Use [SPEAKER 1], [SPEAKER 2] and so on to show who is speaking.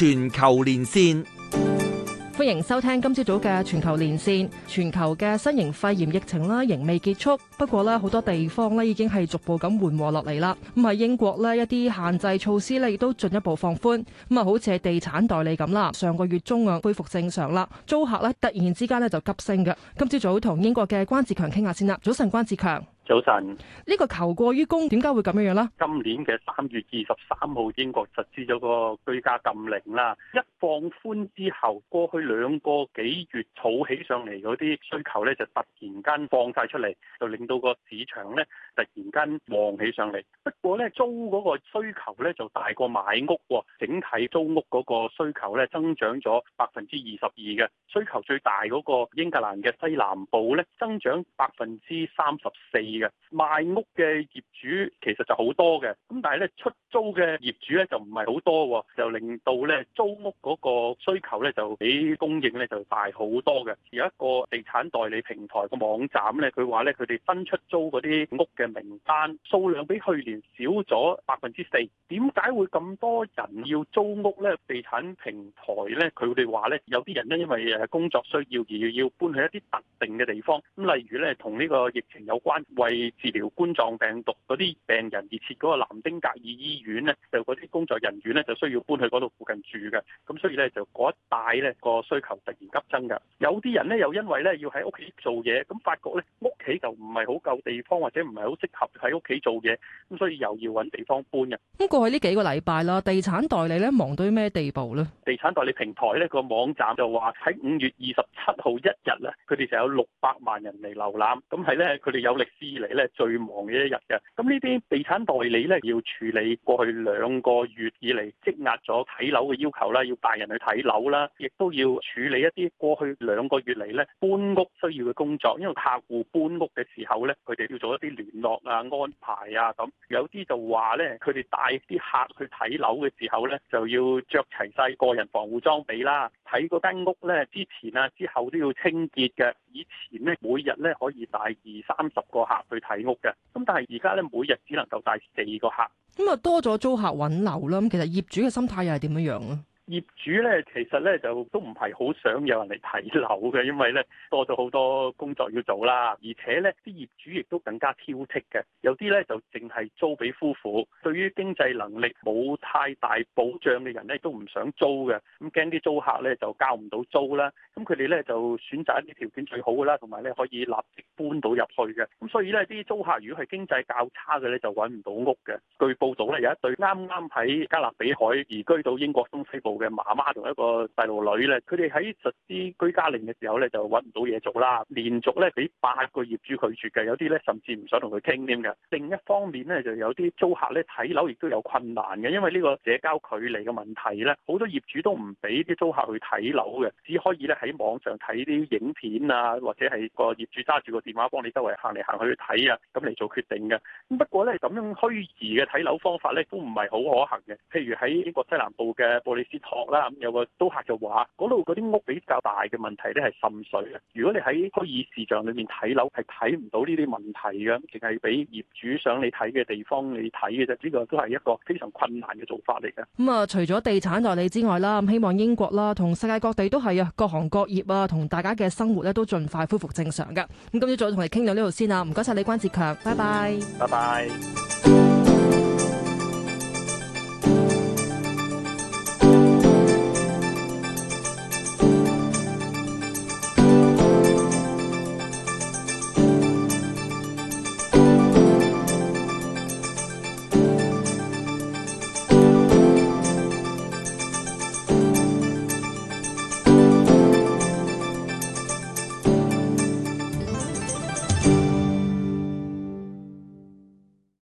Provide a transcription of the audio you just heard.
[SPEAKER 1] 全球連
[SPEAKER 2] 線，歡迎收聽今朝早嘅全球連線。全球嘅新型肺炎疫情啦，仍未結束，不過呢，好多地方呢已經係逐步咁緩和落嚟啦。咁喺英國呢，一啲限制措施呢亦都進一步放寬咁啊，好似係地產代理咁啦，上個月中啊恢復正常啦，租客咧突然之間咧就急升嘅。今朝早同英國嘅關志強傾下先啦。早晨，關志強。早晨，呢、這個求過於供點解會咁樣樣咧？今
[SPEAKER 1] 年嘅三月二十三號，英國實施咗個居家禁令啦。一放寬之後，過去兩個幾月儲起上嚟嗰啲需求咧，就突然間放晒出嚟，就令到個市場咧突然間旺起上嚟。不過咧，租嗰個需求咧就大過買屋，整體租屋嗰個需求咧增長咗百分之二十二嘅需求，最大嗰個英格蘭嘅西南部咧增長百分之三十四。賣屋嘅業主其實就好多嘅，咁但係咧出租嘅業主咧就唔係好多，就令到咧租屋嗰個需求咧就比供應咧就大好多嘅。有一個地產代理平台個網站咧，佢話咧佢哋新出租嗰啲屋嘅名單數量比去年少咗百分之四。點解會咁多人要租屋咧？地產平台咧，佢哋話咧有啲人咧因為誒工作需要而要，要搬去一啲特定嘅地方，咁例如咧同呢個疫情有關治療冠狀病毒嗰啲病人，而設嗰個南丁格爾醫院咧，就嗰啲工作人員咧就需要搬去嗰度附近住嘅。咁所以咧就嗰一帶咧個需求突然急增㗎。有啲人咧又因為咧要喺屋企做嘢，咁發覺咧屋企就唔係好夠地方，或者唔係好適合喺屋企做嘢，咁所以又要搵地方搬嘅。咁
[SPEAKER 2] 過去呢幾個禮拜啦，地產代理咧忙到咩地步咧？
[SPEAKER 1] 地產代理平台咧個網站就話喺五月二十七號一日咧，佢哋成有六百萬人嚟瀏覽。咁係咧，佢哋有歷史嚟咧最忙嘅一日嘅，咁呢啲地產代理咧要處理過去兩個月以嚟積壓咗睇樓嘅要求啦，要帶人去睇樓啦，亦都要處理一啲過去兩個月嚟咧搬屋需要嘅工作，因為客戶搬屋嘅時候咧，佢哋要做一啲聯絡啊、安排啊咁，有啲就話咧，佢哋帶啲客去睇樓嘅時候咧，就要着齊晒個人防護裝備啦，睇嗰間屋咧之前啊、之後都要清潔嘅。以前咧每日咧可以帶二三十個客去睇屋嘅，咁但係而家咧每日只能夠帶四個客，
[SPEAKER 2] 咁啊多咗租客揾樓啦。咁其實業主嘅心態又係點樣樣啊？
[SPEAKER 1] 業主咧，其實咧就都唔係好想有人嚟睇樓嘅，因為咧多咗好多工作要做啦，而且咧啲業主亦都更加挑剔嘅。有啲咧就淨係租俾夫婦，對於經濟能力冇太大保障嘅人咧，都唔想租嘅。咁驚啲租客咧就交唔到租啦。咁佢哋咧就選擇一啲條件最好嘅啦，同埋咧可以立即搬到入去嘅。咁所以咧啲租客如果係經濟較差嘅咧，就揾唔到屋嘅。據報道咧，有一對啱啱喺加勒比海移居到英國東西部嘅媽媽同一個細路女咧，佢哋喺實施居家令嘅時候咧，就揾唔到嘢做啦。連續咧俾八個業主拒絕嘅，有啲咧甚至唔想同佢傾添嘅。另一方面咧，就有啲租客咧睇樓亦都有困難嘅，因為呢個社交距離嘅問題咧，好多業主都唔俾啲租客去睇樓嘅，只可以咧喺網上睇啲影片啊，或者係個業主揸住個電話幫你周圍行嚟行去睇啊，咁嚟做決定嘅。不過咧，咁樣虛擬嘅睇樓方法咧，都唔係好可行嘅。譬如喺英國西南部嘅布里斯托啦，咁有個租客就話：嗰度嗰啲屋比較大嘅問題咧係滲水嘅。如果你喺虛擬視像裏面睇樓係睇唔到呢啲問題嘅，淨係俾業主想你睇嘅地方你睇嘅啫。呢個都係一個非常困難嘅做法嚟嘅。
[SPEAKER 2] 咁啊，除咗地產代理之外啦，希望英國啦同世界各地都係啊，各行各業啊同大家嘅生活咧都盡快恢復正常㗎。咁今日就同你傾到呢度先啦，唔該晒，你關志強，拜拜，拜拜。